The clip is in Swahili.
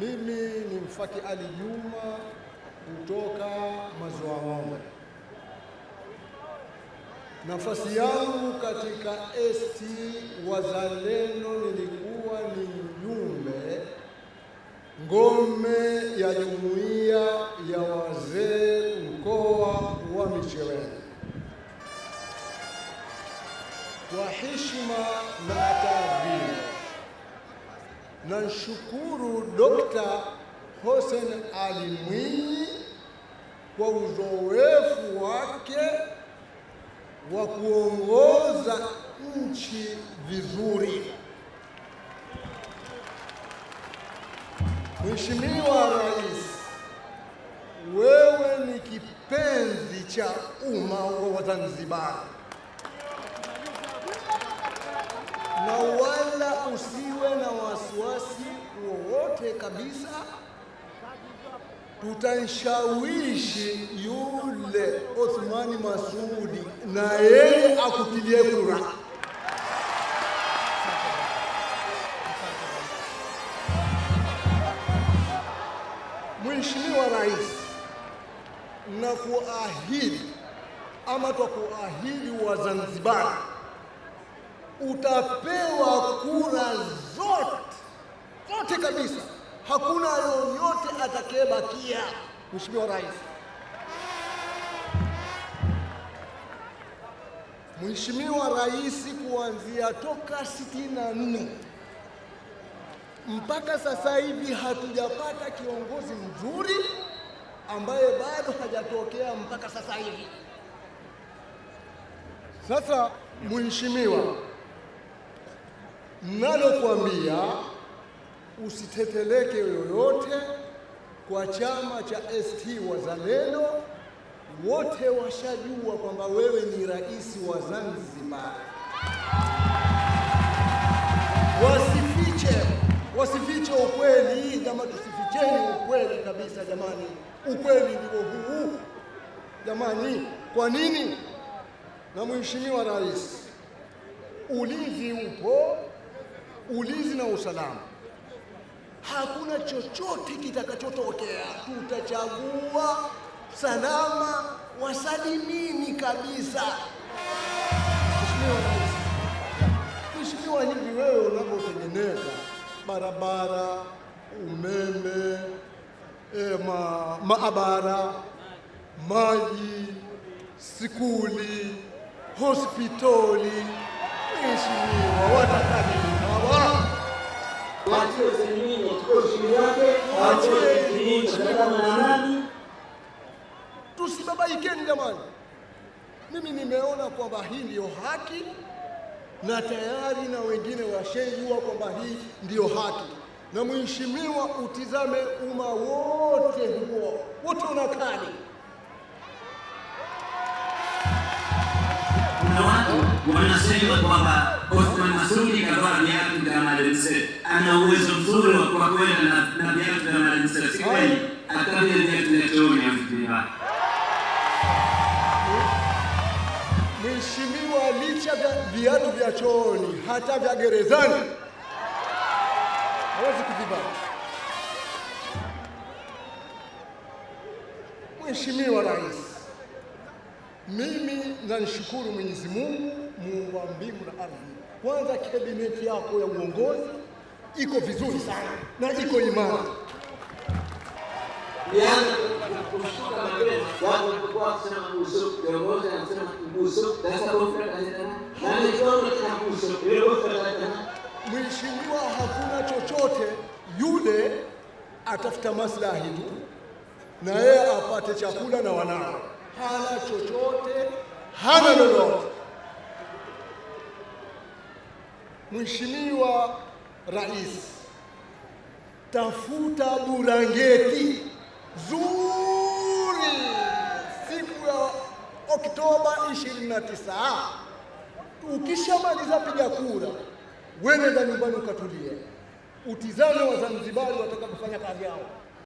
Mimi ni Mfaki Ali Juma kutoka Maziwa Ng'ombe. Nafasi yangu katika ACT Wazalendo nilikuwa ni mjumbe ngome ya jumuiya ya wazee mkoa wa Micheweni. Kwa heshima na Namshukuru Dr. Hussein Ali Mwinyi kwa uzoefu wake wa kuongoza nchi vizuri. Mheshimiwa Rais, wewe ni kipenzi cha umma wa Zanzibar. na wala usiwe na wasiwasi wowote kabisa. tutanshawishi yule Othmani Masudi na yeye akutilie kura. Mheshimiwa Rais, na kuahidi ama twa kuahidi zanzibar utapewa kura zote zote kabisa, hakuna yoyote atakayebakia. Mheshimiwa Rais, Mheshimiwa Rais, kuanzia toka sitini na nne mpaka sasa hivi hatujapata kiongozi mzuri ambaye bado hajatokea mpaka sasa hivi. Sasa mheshimiwa mnalokwambia usiteteleke yoyote kwa chama cha ACT Wazalendo, wote washajua kwamba wewe ni rais wa Zanzibar. Wasifiche, wasifiche ukweli jama tusificheni ukweli kabisa jamani. Ukweli ndio huu jamani. Kwa nini? Na mheshimiwa rais, ulinzi upo ulinzi na usalama, hakuna chochote kitakachotokea. Tutachagua salama wasalimini kabisa. Mheshimiwa, hivi wewe unavyotengeneza barabara, umeme, ema, eh, maabara, maji, skuli, hospitali, Mheshimiwa, watakabili waachiwe sehemu, ushindi wake, waachiwe Tusibabaikeni jamani, mimi nimeona kwamba hii ndiyo haki na tayari na wengine washaijua kwamba hii ndiyo haki na mheshimiwa, utizame umma wote huo wote unakali wanasema kwamba Othman Masudi kavaa viatu vya Maalimse, ana uwezo mzuri wa kwa kwenda na na viatu vya Maalimse. Si kweli, akavia viatu vya chooni avitumia. Mheshimiwa, licha vya viatu vya chooni hata vya gerezani hawezi kuvivaa. Mheshimiwa Rais mimi namshukuru Mwenyezi Mungu muumba mbingu na ardhi. Kwanza kabineti yako ya uongozi iko vizuri sana na iko imara. Mheshimiwa, hakuna chochote yule atafuta maslahi tu na yeye apate chakula na wanao hana chochote, hana lolote. Mheshimiwa Rais, tafuta burangeti zuri siku ya Oktoba 29. Ukishamaliza piga kura, wewe nenda nyumbani ukatulia, utizame Wazanzibari watakapofanya kazi yao.